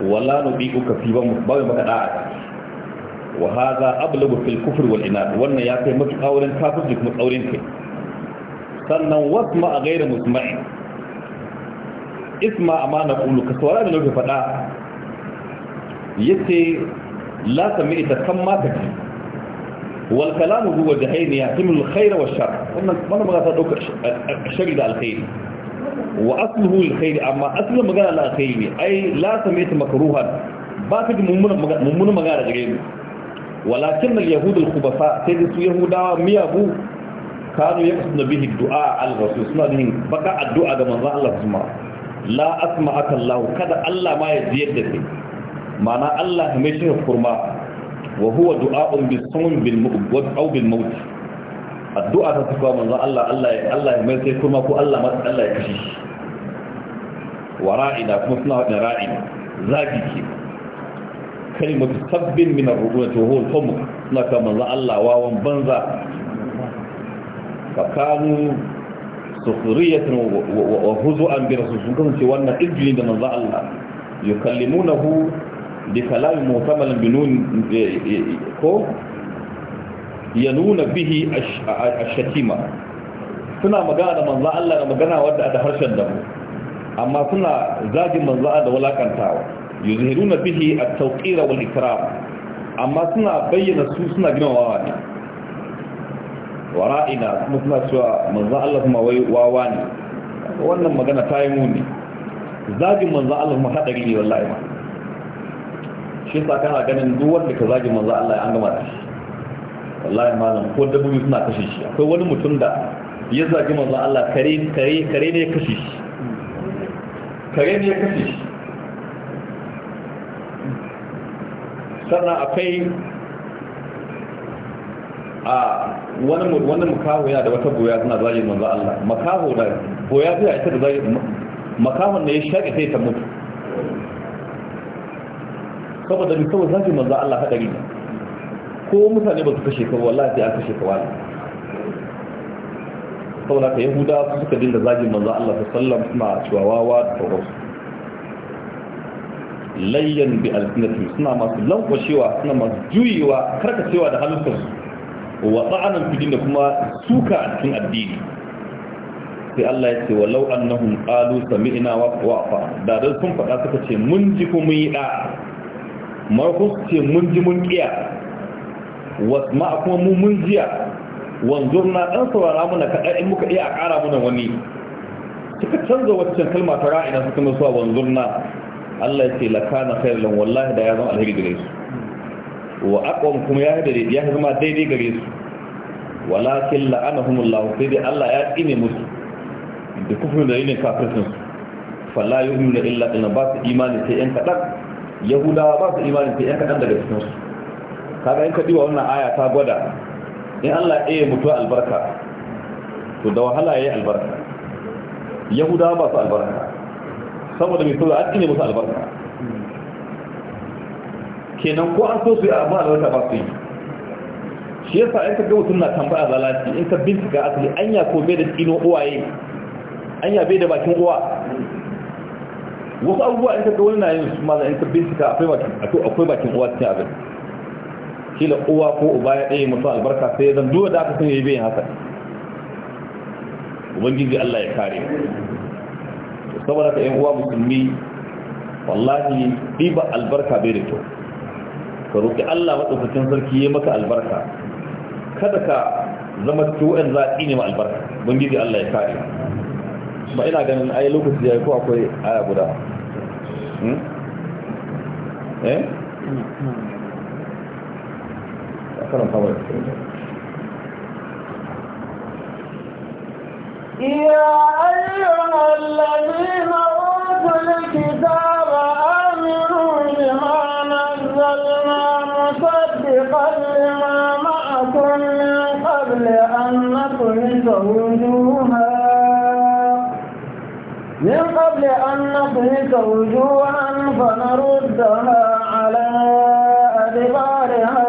wala nubi'u ka fi ba mu ba maka da'a wa hadha ablagu fil kufr wal inad wannan ya kai mutu kaurin kafirci kuma kaurin kai sannan wasma a gaira musma'i isma amana qulu ka saurara da nake faɗa yace la sami ita kan ma ta ji wal kalamu huwa jahaini yahtimu al khaira wa shar wannan wannan ba ta dauka shari da alkhairi wa asluhu alkhair amma aslin magana la alkhair ne ai la samaita makruhan ba ka ji mummunan magana da gare mu walakin al-yahud al sai da su yahudawa miyagu kanu yaqsuna bihi du'a al-rasul suna yin baka addu'a ga manzon Allah kuma la asma'aka Allah kada Allah ma ya ziyar da kai ma'ana Allah mai shi kurma wa huwa du'a'un bi sawn bil mu'bad aw bil maut addu'a ta tuka manzon Allah Allah ya Allah ya mai sai kuma ko Allah ma Allah ya kashe wa ra'ina kuma suna da ra'ina zabi ke Kai mutu sabbin min ar-rubuna to huwa al suna ka manzo Allah wawan banza fakanu sufuriyatan wa huzu'an bi rasul sun kasance wannan izini da manza Allah yukallimunahu bi kalam mu'tamal binun eh, eh, ko ya nuna bihi a shatima suna magana da manza Allah da magana wadda a da harshen da mu amma suna zagin manzo da walakantawa yuzhiruna bihi at-tawqira wal ikram amma suna bayyana su suna gina wawa ne wara'ina kuma suna cewa manzo Allah kuma wai wawa ne wannan magana ta yi muni zagin manzo Allah kuma hadari ne wallahi ma shi sa kana ganin duk wanda ka zagin manzo Allah ya gama da shi wallahi malam ko dabbobi suna kashe shi akwai wani mutum da ya zagi manzo Allah kare kare kare ne ya kashe shi kare ne kafe shi sannan akwai a wani wani makaho yana da wata goya suna zagin manzo Allah makaho da goya zai ita da zagin makahon ne ya shaƙe sai ta mutu saboda ni kawai zagin manzo Allah hadari ko mutane ba su kashe ka wallahi sai an kashe ka wallahi saboda ka yahuda su suka dinda zagin manzo Allah Sallam suna cewa wawa da sauransu layyan bi alsinati suna masu lankwashewa suna masu juyewa karkacewa da halittarsu wa tsa'anan fidin da kuma suka a cikin addini sai Allah ya ce walau annahum qalu sami'na wa wa'fa da dan sun faɗa suka ce mun ji ko mun yi da marko ce mun ji mun kiya wasma kuma mu mun jiya wanzurna ɗan saurara muna kaɗa in muka iya a ƙara muna wani suka canza waccan kalma ta ra'ina suka masu wanzurna Allah ya ce lakana lan wallahi da ya zama alheri gare su wa aqwam kuma ya hada ya zama daidai gare su walakin la'anahum Allah sai dai Allah ya tsine musu da kufrin da yin kafirin su fala yu'minu illa in ba su imani sai yan kadan yahudawa ba su imani sai yan kadan daga cikin su kaga in ka diba wannan aya ta gwada in Allah ya mutu albarka to da wahala ya yi albarka Yahuda ba su albarka saboda mai saboda an ne musu albarka kenan ko an so su yi amma albarka ba su yi shi yasa in ka ga mutum na tambaya zalaci in ka bincika asali anya ko bai da tsino uwaye anya bai da bakin uwa wasu abubuwa in ka ga wani na yin su ma in ka bincika akwai bakin uwa cikin abin kila uwa ko uba ya ɗaya mutu albarka sai zan duwa da aka sun yi bayan haka ubangiji Allah ya kare saboda ka yin uwa musulmi wallahi ɗiba albarka bai da kyau ka roƙi Allah maɗaukacin sarki ya maka albarka kada ka zama cikin za a ne ma albarka ubangiji Allah ya kare ba ina ganin ai lokaci ya yi ko akwai aya guda hmm? eh أحسن الخبر يا أيها الذين أوتوا الكتاب آمنوا بما نزلنا مصدقا لما معكم من قبل أن نطمس وجوها من قبل أن نطمس وجوها فنردها على أدبارها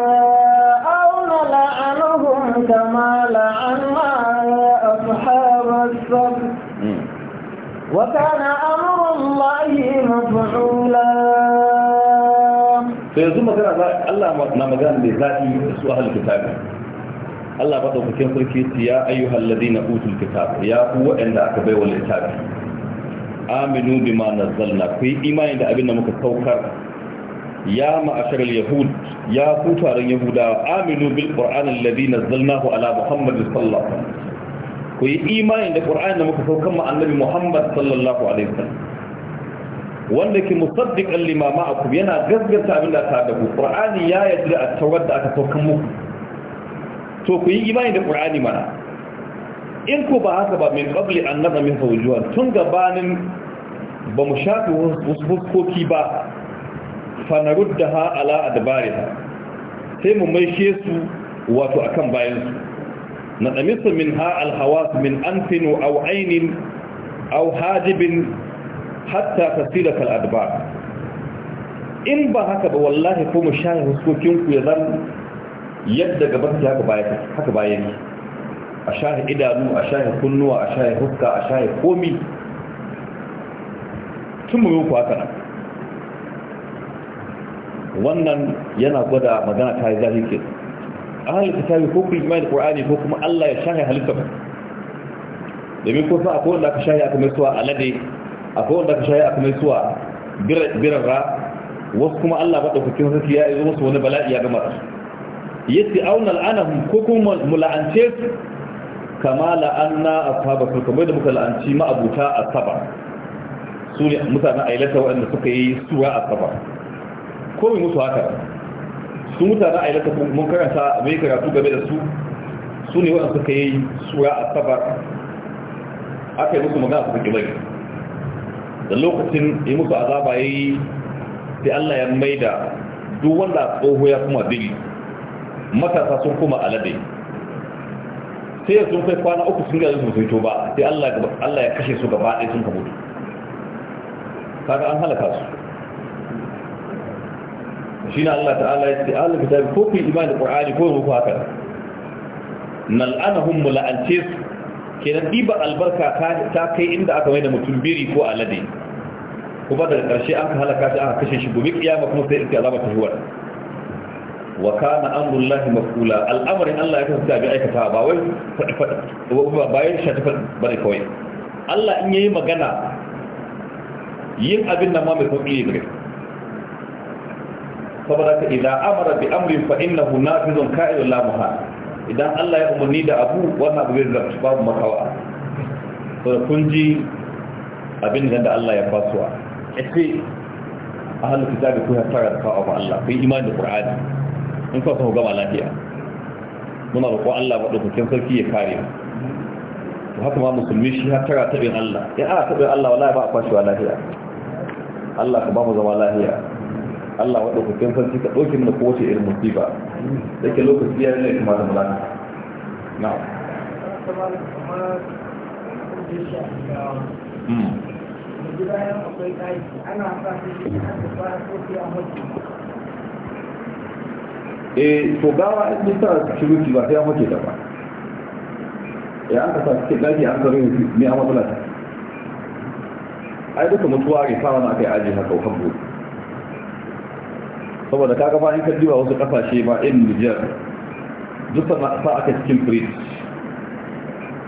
كما لعنا أصحاب السبت وكان أمر الله مفعولا sai yanzu magana za Allah na magana mai zaɗi su ahal kitabi Allah ba ɗaukakin sarki ce ya ayyu halladi na utul kitab ya ku waɗanda aka bai wa littafi aminu bima nazzalna ku yi imani da abin da muka saukar ya ma'ashar yahud ya ku taron yahudawa aminu bil qur'anin alladhi nazzalnahu ala muhammad sallallahu alaihi wasallam ku yi imani da qur'an da muka saukan ma annabi muhammad sallallahu alaihi wasallam wanda ke musaddiqan lima ma'akum yana gaskata abin da ta da ku qur'ani ya yadda a tawar da aka saukan muku to ku yi imani da qur'ani mana in ku ba haka ba min qabli an nadama min tun gabanin ba mu shafi wasu fuskoki ba fanaruddaha ala adbariha sai mu maishe su wato akan bayan su na tsamisu min ha alhawas min anfinu aw ainin aw hajibin hatta tasila kal adbar in ba haka ba wallahi ko mu sha huskokin ya zan yadda gaban ta haka bayan haka bayan a shahi idanu a shahi kunnuwa a shahi huska a shahi komi tun mu yi ku haka nan wannan yana gwada magana ta yi zahiri ke ahalin kitabi ko kuma imani qur'ani ko kuma Allah ya shahi halitta ba domin ko sa akwai wanda aka shahi aka mai suwa alade akwai wanda aka shahi aka mai suwa birarra wasu kuma Allah ba daukakin sarki ya yi musu wani bala'i ya gama su yace auna al'anahum ko kuma mula'ance su kama la'anna ashaba su kamar da muka la'anci ma'abuta asaba su ne mutanen ailata waɗanda suka yi suwa asaba ko mai mutu haka su mutane a yi ilaka mun karanta mai karatu game da su su ne waɗanda suka yi tsura a sabar aka yi musu magana su suke mai da lokacin yi musu azaba ya yi sai allah ya mai da duk wanda tsoho ya kuma dili matasa sun kuma alade sai ya sun kai kwana uku sun gaji sun fito ba sai allah ya kashe su gaba ɗaya sun ka kaga an halaka su shi na Allah ta'ala ya ce Allah kitabi ko ku imanin Qur'ani ko ku haka nal'anahum mula'ance su kenan ɗiba albarka ta kai inda aka mai da mutum biri ko alade kuma daga ƙarshe an ka halaka shi aka kashe shi gobe kiyama kuma sai iska azaba ta huwar wa kana amrullahi mafula al'amarin Allah ya kasance bi aikata ba wai ba ya shafi bari kawai Allah in yayi magana yin abin nan ma mai sauki ne gare saboda ka idan amara bi amrin fa innahu nafizun ka'ilun la muhala idan Allah ya umarni da abu wannan abu zai zarta babu makawa to kun ji abin da Allah ya fasuwa sai ahlul kitabi ku fara da kawo ba Allah ku yi imani da Qur'ani in ka so gama lafiya muna roƙon Allah madaukakin sarki ya kare mu to haka ma musulmi shi har tara tabin Allah in ana tabin Allah wallahi ba a kwashewa lafiya Allah ka ba mu zama lafiya Allah ɗauka hukun sarki ka ɗauke mana kowace irin musiba da ke lokaci ya yi kuma da mulaka na hmm. e eh, to gawa in ba sai an wace ba ya sa daji an ne a matsala ai duka mutuwa ne fara na kai aji haka wa saboda ka ba in kaddiwa wasu kasashe ba in Niger duk sa aka cikin fridge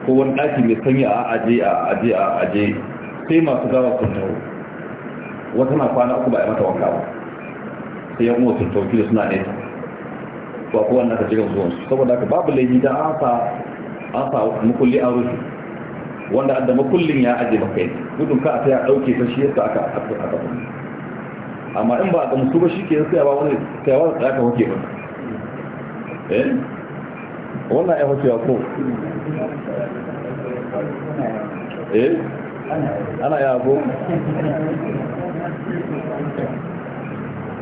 ko wani ɗaki mai sanya a aje a aje a aje sai masu gawa sun taho wata na kwana uku ba a mata wanka ba sai yan uwa sun taho kila suna ne ba ko wannan ka jiran zuwan saboda ka babu laifi da an sa an sa makulli a rufe wanda adda makullin ya aje maka yi gudun ka a ta dauke ɗauke ta shi yadda aka aka aka amma in ba a gamsu ba shi ke sai ba wani tsayawa da tsaya ka hoke ba eh wannan ya hoke ko eh ana ya ko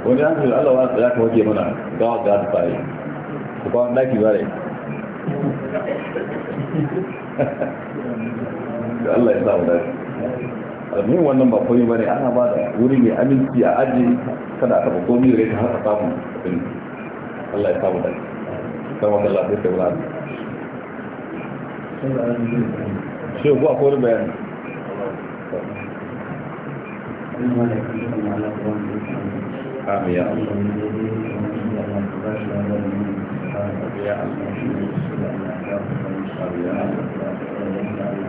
wani yanzu da Allah wani tsaya ka hoke mana gawa ga dubai tsaye ku ba wani ba ne Allah ya sa mu min wannan ba ba ne ana ba da wuri mai aminci a aji kada a taba komi da har a samu abin Allah ya samu da sama da Allah sai wura shi ko akwai wani bayani Amin ya Allah. Amin ya Allah.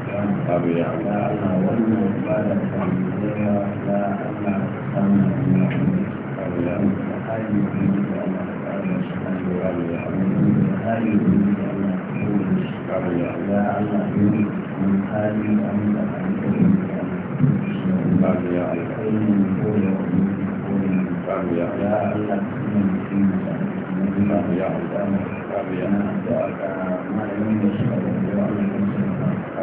amin ya Thank you.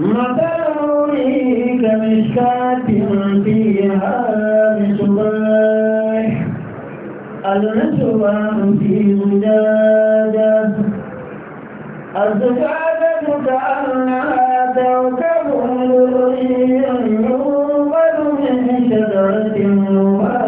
مثل كمشكاة فيها مصباح المصباح في زجاجة الزجاجة كأنها كوكب لؤلؤي يوقد من شجرة وباح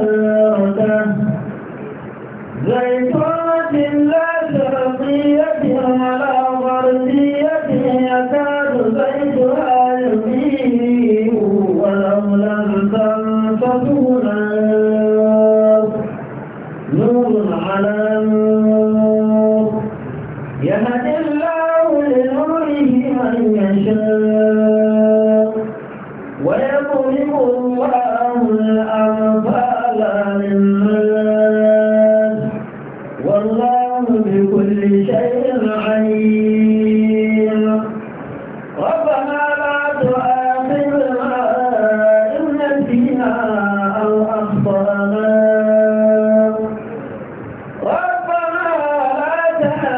da haka